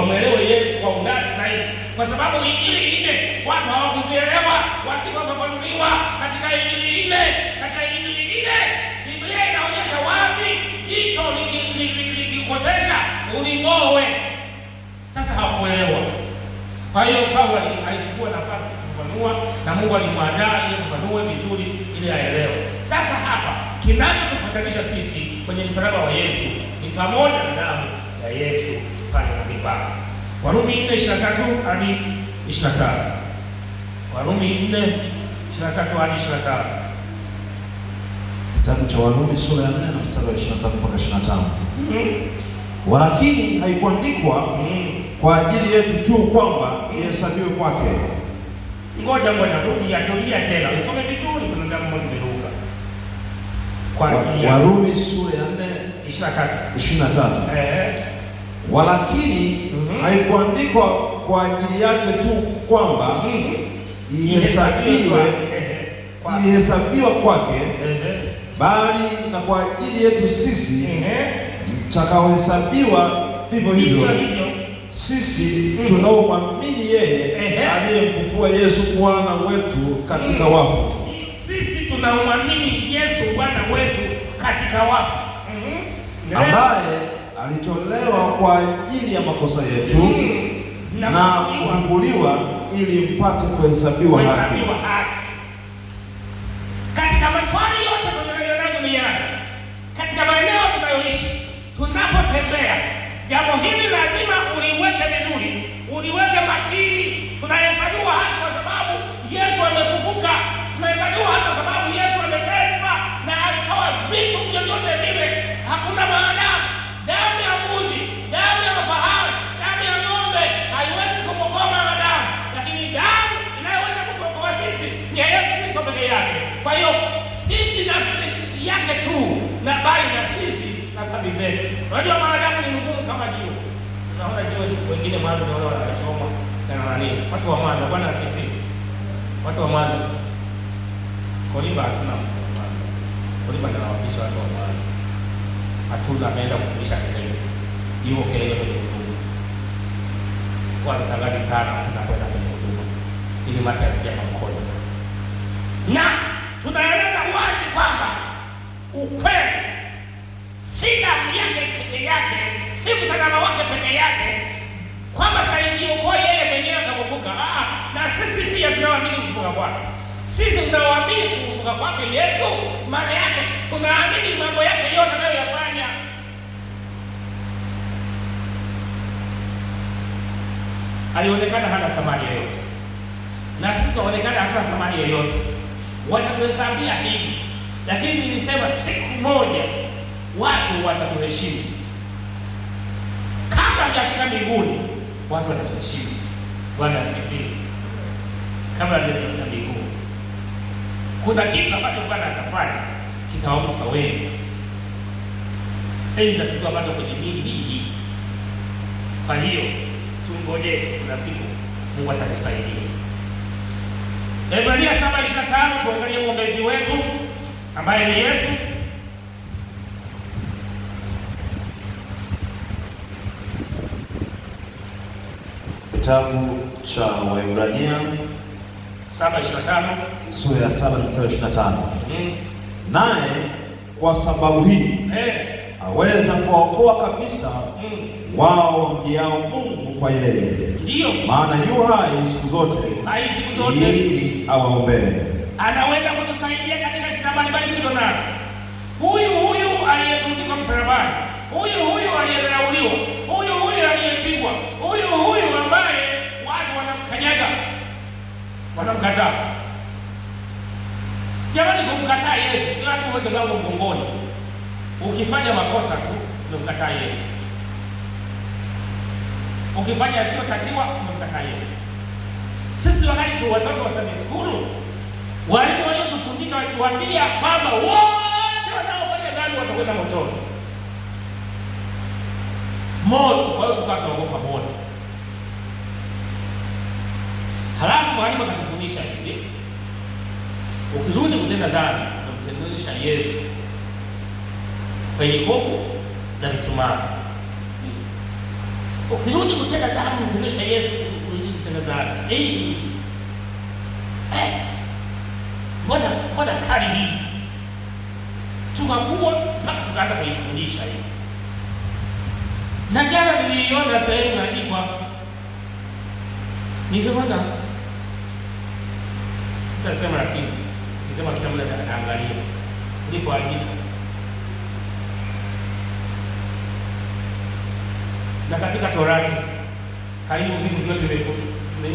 Wamwelewe Yesu kwa undani zaidi, kwa sababu injili ile watu hawakuzielewa, wasipofafanuliwa katika injili ile. Katika injili ile Biblia inaonyesha wazi, jicho likikosesha uling'owe. Sasa hawakuelewa. Kwa hiyo Paulo alichukua nafasi kufanua, na Mungu alimwandaa ili kufanue vizuri, ili aelewe. Sasa hapa kinachotupatanisha sisi kwenye msalaba wa Yesu ni pamoja na damu ya Yesu pale madhabahu. Warumi 4:23 hadi 25. Warumi 4:23 hadi 25. Kitabu cha Warumi sura ya 4 na mstari wa 23 mpaka 25. Mhm. Walakini haikuandikwa mm-hmm. kwa ajili yetu tu kwamba ihesabiwe mm-hmm. kwake. Ngoja ngoja, ya kulia tena. Usome vizuri, kuna jambo limeruka. Kwa ajili ya Warumi sura ya 4 23. Eh walakini mm -hmm. haikuandikwa kwa ajili yake tu kwamba mm -hmm. ihesabiwe ilihesabiwa kwake mm -hmm. bali na kwa ajili yetu sisi mhm. mtakaohesabiwa mm -hmm. vivyo hivyo sisi mhm. tunaomwamini yeye aliyemfufua Yesu Bwana wetu katika mhm. wafu. Sisi tunaomwamini Yesu Bwana wetu katika wafu ambaye alitolewa kwa ajili ya makosa yetu hmm. na, kufufuliwa ili mpate kuhesabiwa haki. Katika maswali yote tunayoyona duniani, katika maeneo tunayoishi, tunapotembea, jambo hili lazima uliweke vizuri, uliweke makini. Tunahesabiwa haki kwa sababu Yesu Injili ni Yesu Kristo peke yake. Kwa hiyo si binafsi yake tu, na bali na sisi na dhambi zetu. Unajua mwanadamu ni ngumu kama jiwe. Unaona jiwe wengine mwanzo ni wale wanachoma na nani, watu wa mwanzo. Bwana asifiwe. Watu wa mwanzo Koliba hatuna Koliba na anawapisha watu wa mwanzo. Hatuna ameenda kufundisha kelele. Hiyo kelele ndio kwa mtangazi sana tunakwenda kwenye huduma ili mate asiye na tunaeleza wazi kwamba ukweli si damu yake peke yake, si msalaba wake peke yake, kwamba salijiokoa yeye mwenyewe akafufuka. Ah, ah, na sisi pia tunaamini kufufuka kwake, sisi tunaamini kufufuka kwake Yesu. Maana yake tunaamini mambo yake yote anayoyafanya. Alionekana hana thamani yoyote, na sisi tunaonekana hatuna thamani yoyote wanatuhesabia hivi, lakini nilisema siku moja watu watatuheshimu. Kabla hajafika mbinguni, watu watatuheshimu. Bwana asifiwe. Kabla hajafika mbinguni, kuna kitu ambacho Bwana atafanya kitawagusa wengi, aidha tukiwa bado kwenye dini hii. Kwa hiyo tungojee, kuna siku Mungu atatusaidia. Waebrania 7:25 tuangalie mwombezi wetu ambaye ni Yesu. Kitabu cha Waebrania 7:25 sura ya 7 mstari 25. Mm-hmm. Naye kwa sababu hii eh aweza kuwaokoa kabisa mm. wao wamjiao Mungu kwa yeye. Ndiyo maana yu hai siku zote, hai siku zote, ili awaombee. Anaweza kutusaidia katika shida mbalimbali tulizo nazo. Huyu huyu aliyetundikwa msalabani, huyu huyu aliyedharauliwa, huyu huyu aliyepigwa, huyu huyu ambaye watu wanamkanyaga, wanamkataa. Jamani, kumkataa Yesu si lazima uweke mlango mgongoni Ukifanya makosa tu ndio mkataa Yesu, ukifanya asiyotakiwa ndio mkataa yeye. Sisi tu watoto wa Sunday school, walimu waliotufundisha wakiwaambia kwamba wote wanaofanya dhambi watakwenda motoni, moto. Kwa hiyo tukawa tunaogopa moto. Halafu mwalimu akatufundisha hivi, ukirudi kutenda dhambi, namtendesha Yesu kwenye kovu na misumari. Ukirudi kutenda dhambi, mtumisha Yesu urudi kutenda dhambi. Eh, mbona mbona kali hii? Tukakuwa mpaka tukaanza kuifundisha hii, na jana niliiona sehemu inaandikwa, niliona sitasema, lakini kisema kila mtu anaangalia ndipo andika na katika Torati. Karibu vitu vyote vimefunuliwa